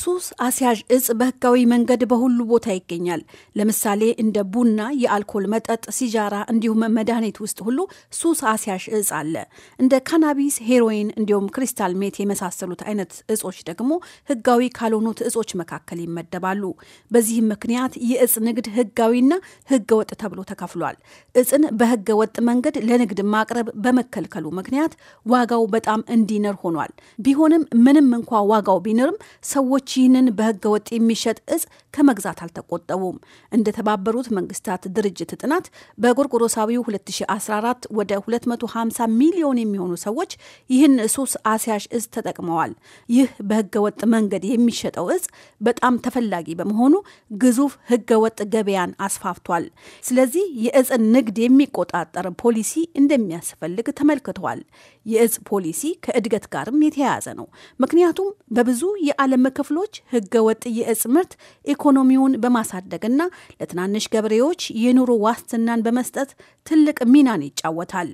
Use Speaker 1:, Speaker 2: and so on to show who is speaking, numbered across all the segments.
Speaker 1: ሱስ አስያዥ እጽ በህጋዊ መንገድ በሁሉ ቦታ ይገኛል። ለምሳሌ እንደ ቡና፣ የአልኮል መጠጥ፣ ሲጃራ እንዲሁም መድኃኒት ውስጥ ሁሉ ሱስ አስያዥ እጽ አለ። እንደ ካናቢስ፣ ሄሮይን እንዲሁም ክሪስታል ሜት የመሳሰሉት አይነት እጾች ደግሞ ህጋዊ ካልሆኑት እጾች መካከል ይመደባሉ። በዚህም ምክንያት የእጽ ንግድ ህጋዊና ህገ ወጥ ተብሎ ተከፍሏል። እጽን በህገ ወጥ መንገድ ለንግድ ማቅረብ በመከልከሉ ምክንያት ዋጋው በጣም እንዲንር ሆኗል። ቢሆንም ምንም እንኳ ዋጋው ቢንርም ሰዎች ሰዎች ይህንን በህገ ወጥ የሚሸጥ እጽ ከመግዛት አልተቆጠቡም። እንደተባበሩት መንግስታት ድርጅት ጥናት በጎርጎሮሳዊው 2014 ወደ 250 ሚሊዮን የሚሆኑ ሰዎች ይህን ሱስ አስያዥ እጽ ተጠቅመዋል። ይህ በህገ ወጥ መንገድ የሚሸጠው እጽ በጣም ተፈላጊ በመሆኑ ግዙፍ ህገ ወጥ ገበያን አስፋፍቷል። ስለዚህ የእጽ ንግድ የሚቆጣጠር ፖሊሲ እንደሚያስፈልግ ተመልክተዋል። የእጽ ፖሊሲ ከእድገት ጋርም የተያያዘ ነው። ምክንያቱም በብዙ የዓለም ክፍሎች ክፍሎች ወጥ የእጽ ምርት ኢኮኖሚውን በማሳደግና ለትናንሽ ገበሬዎች የኑሮ ዋስትናን በመስጠት ትልቅ ሚናን ይጫወታል።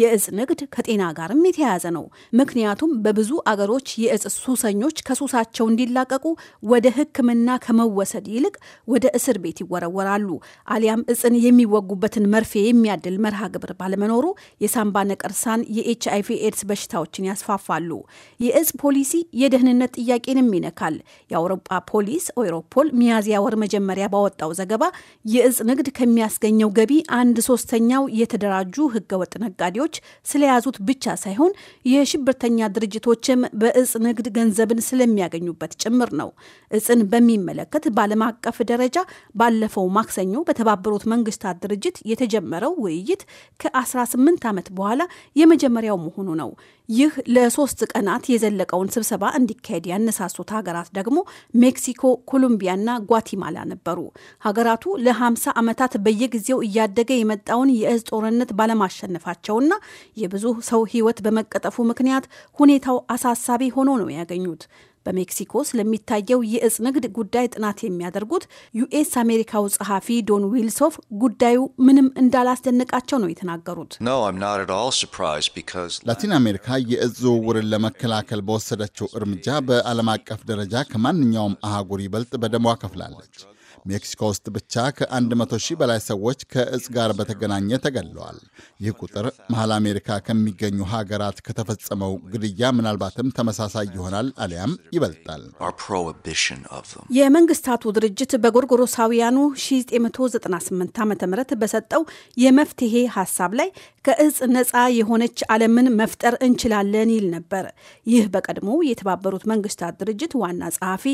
Speaker 1: የእጽ ንግድ ከጤና ጋርም የተያያዘ ነው። ምክንያቱም በብዙ አገሮች የእጽ ሱሰኞች ከሱሳቸው እንዲላቀቁ ወደ ሕክምና ከመወሰድ ይልቅ ወደ እስር ቤት ይወረወራሉ። አሊያም እጽን የሚወጉበትን መርፌ የሚያድል መርሃ ግብር ባለመኖሩ የሳምባ ነቀርሳን፣ የኤች ኤድስ በሽታዎችን ያስፋፋሉ። የእጽ ፖሊሲ የደህንነት ጥያቄንም ይነካል። የአውሮፓ ፖሊስ ኦይሮፖል ሚያዝያ ወር መጀመሪያ ባወጣው ዘገባ የእጽ ንግድ ከሚያስገኘው ገቢ አንድ ሶስተኛ በአብዛኛው የተደራጁ ህገወጥ ነጋዴዎች ስለያዙት ብቻ ሳይሆን የሽብርተኛ ድርጅቶችም በእጽ ንግድ ገንዘብን ስለሚያገኙበት ጭምር ነው። እጽን በሚመለከት በዓለም አቀፍ ደረጃ ባለፈው ማክሰኞ በተባበሩት መንግስታት ድርጅት የተጀመረው ውይይት ከ18 ዓመት በኋላ የመጀመሪያው መሆኑ ነው። ይህ ለሶስት ቀናት የዘለቀውን ስብሰባ እንዲካሄድ ያነሳሱት ሀገራት ደግሞ ሜክሲኮ፣ ኮሎምቢያ ና ጓቲማላ ነበሩ። ሀገራቱ ለ50 ዓመታት በየጊዜው እያደገ የመጣውን የእዝ ጦርነት ባለማሸነፋቸውና የብዙ ሰው ሕይወት በመቀጠፉ ምክንያት ሁኔታው አሳሳቢ ሆኖ ነው ያገኙት። በሜክሲኮ ስለሚታየው የእጽ ንግድ ጉዳይ ጥናት የሚያደርጉት ዩኤስ አሜሪካው ጸሐፊ ዶን ዊልሶፍ ጉዳዩ ምንም እንዳላስደነቃቸው ነው የተናገሩት።
Speaker 2: ላቲን አሜሪካ የእጽ ዝውውርን ለመከላከል በወሰደችው እርምጃ በዓለም አቀፍ ደረጃ ከማንኛውም አህጉር ይበልጥ በደሟ ከፍላለች። ሜክሲኮ ውስጥ ብቻ ከ100 ሺህ በላይ ሰዎች ከእጽ ጋር በተገናኘ ተገለዋል። ይህ ቁጥር መሀል አሜሪካ ከሚገኙ ሀገራት ከተፈጸመው ግድያ ምናልባትም ተመሳሳይ ይሆናል አሊያም ይበልጣል።
Speaker 1: የመንግስታቱ ድርጅት በጎርጎሮሳውያኑ 1998 ዓ ም በሰጠው የመፍትሄ ሀሳብ ላይ ከእጽ ነፃ የሆነች ዓለምን መፍጠር እንችላለን ይል ነበር። ይህ በቀድሞ የተባበሩት መንግስታት ድርጅት ዋና ጸሐፊ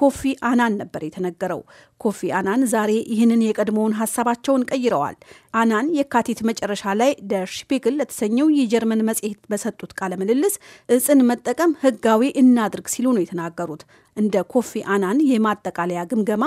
Speaker 1: ኮፊ አናን ነበር የተነገረው። ኮፊ አናን ዛሬ ይህንን የቀድሞውን ሀሳባቸውን ቀይረዋል። አናን የካቲት መጨረሻ ላይ ደር ሽፒግል ለተሰኘው የጀርመን መጽሔት በሰጡት ቃለ ምልልስ እጽን መጠቀም ህጋዊ እናድርግ ሲሉ ነው የተናገሩት። እንደ ኮፊ አናን የማጠቃለያ ግምገማ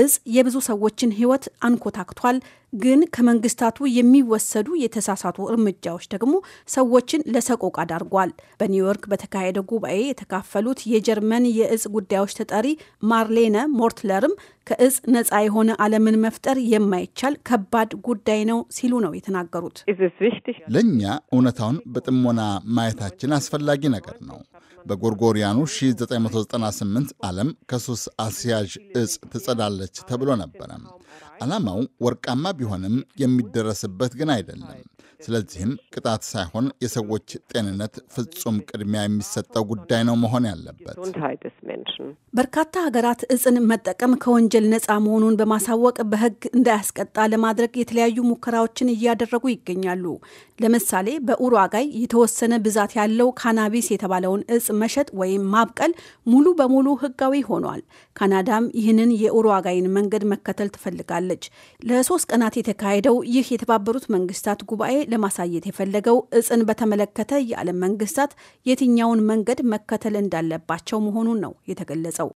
Speaker 1: እጽ የብዙ ሰዎችን ህይወት አንኮታክቷል። ግን ከመንግስታቱ የሚወሰዱ የተሳሳቱ እርምጃዎች ደግሞ ሰዎችን ለሰቆቃ አዳርጓል። በኒውዮርክ በተካሄደ ጉባኤ የተካፈሉት የጀርመን የእጽ ጉዳዮች ተጠሪ ማርሌነ ሞርትለርም ከእጽ ነጻ የሆነ ዓለምን መፍጠር የማይቻል ከባድ ጉዳይ ነው ሲሉ ነው የተናገሩት።
Speaker 2: ለእኛ እውነታውን በጥሞና ማየታችን አስፈላጊ ነገር ነው። በጎርጎሪያኑ 998 ዓለም ከሱስ አስያዥ እጽ ትጸዳለች ተብሎ ነበረ። ዓላማው ወርቃማ ቢሆንም የሚደረስበት ግን አይደለም። ስለዚህም ቅጣት ሳይሆን የሰዎች ጤንነት ፍጹም ቅድሚያ የሚሰጠው ጉዳይ ነው መሆን ያለበት።
Speaker 1: በርካታ ሀገራት እጽን መጠቀም ከወንጀል ነጻ መሆኑን በማሳወቅ በሕግ እንዳያስቀጣ ለማድረግ የተለያዩ ሙከራዎችን እያደረጉ ይገኛሉ። ለምሳሌ በኡሩጋይ የተወሰነ ብዛት ያለው ካናቢስ የተባለውን እጽ መሸጥ ወይም ማብቀል ሙሉ በሙሉ ሕጋዊ ሆኗል። ካናዳም ይህንን የኡሩጋይን መንገድ መከተል ትፈልጋለች። ለሶስት ቀናት የተካሄደው ይህ የተባበሩት መንግስታት ጉባኤ ለማሳየት የፈለገው እጽን በተመለከተ የዓለም መንግስታት የትኛውን መንገድ መከተል እንዳለባቸው መሆኑን ነው የተገለጸው።